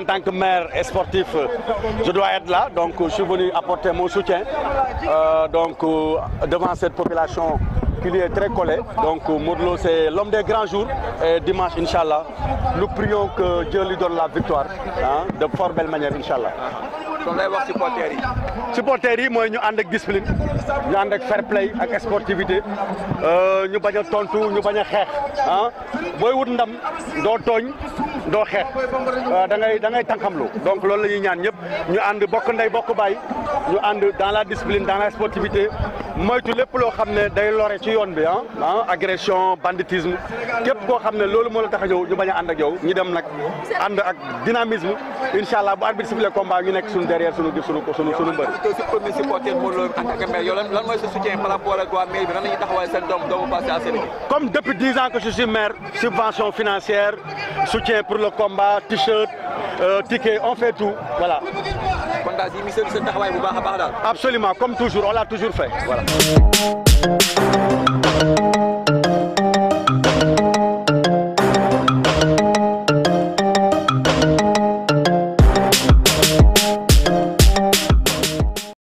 en tant que maire et sportif, je dois être là. Donc, je suis venu apporter mon soutien euh, donc, euh, devant cette population il est très collé. Donc euh, Moudlo c'est l'homme des grands jours. Et dimanche, Inch'Allah, nous prions que Dieu lui donne la victoire hein, de fort belle manière, Inch'Allah. Supporterie, moi nous nous avons supporters discipline nous avons ak fair play avec sportivité nous ton ton, tontu ñu bañ a hein. ah wut doo xeex euh, da ngay da ngay tànqamlu donc loolu la ñuy ñaan ñëpp ñu ànd bokk ndey bokk baay ñu ànd dans la discipline dans la sportivité moytu lépp loo xam ne day lore ci yoon bi ah, ah agression banditisme képp koo xam ne loolu moo la tax a ñëw ñu bañ a ànd ak yow ñu dem nag ànd ak dynamisme incha allah bu arbitre sifflé combat ñu nekk suñu derrière suñu di suñu suñu suñu mbër. comme depuis 10 ans que je suis maire subvention financière soutien pour le combat t-shirt euh, ticket on fait tout voilà. absolument comme toujours on l'a toujours fait voilà.